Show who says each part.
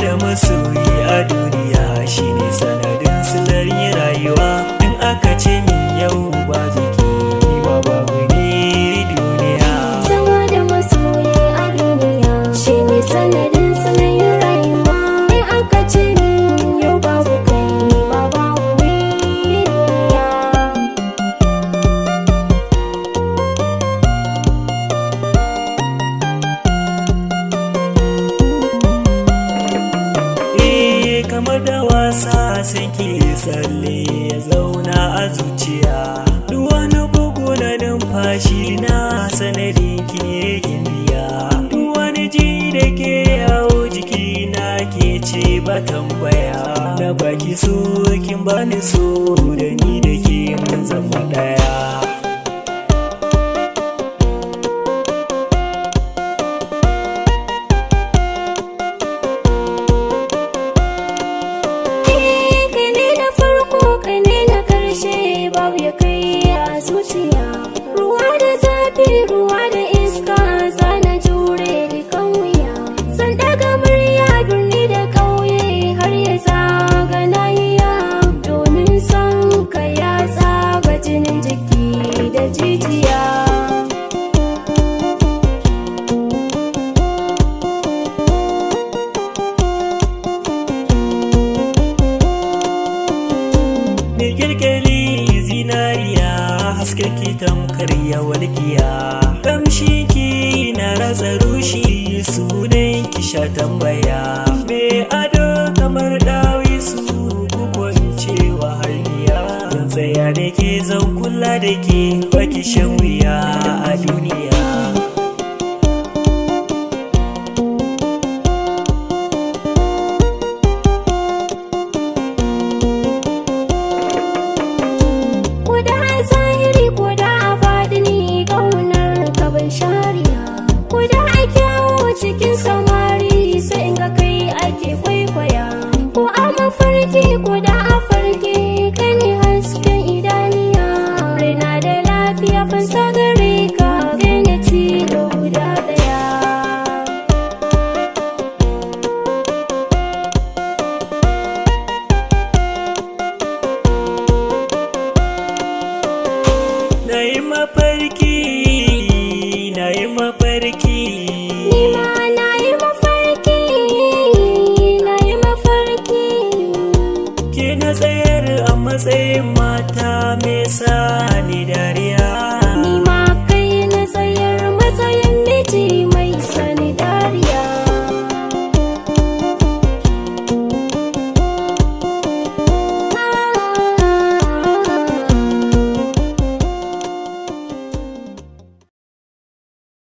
Speaker 1: da masoyi a duniya shine sanadin silar rayuwa Madawasa da wasa suke tsalle ya zauna a zuciya duk wani bugu na numfashi na sanari ki indiya duk wani ji da ke yawo jiki na ke ce ba tambaya na baki so kin bani so da ni da ke mun zama ɗaya ki tamkar giya. kamshi ki na rasa rushi sunan ki sha tambaya me ado kamar su kuko in wa hanya zan tsaya da ke zan kula da ke baki shan wuya a duniya Kuda mafarki na yi mafarki nima na yi mafarki na yi mafarki ke na tsayar a matsayin mata mai sa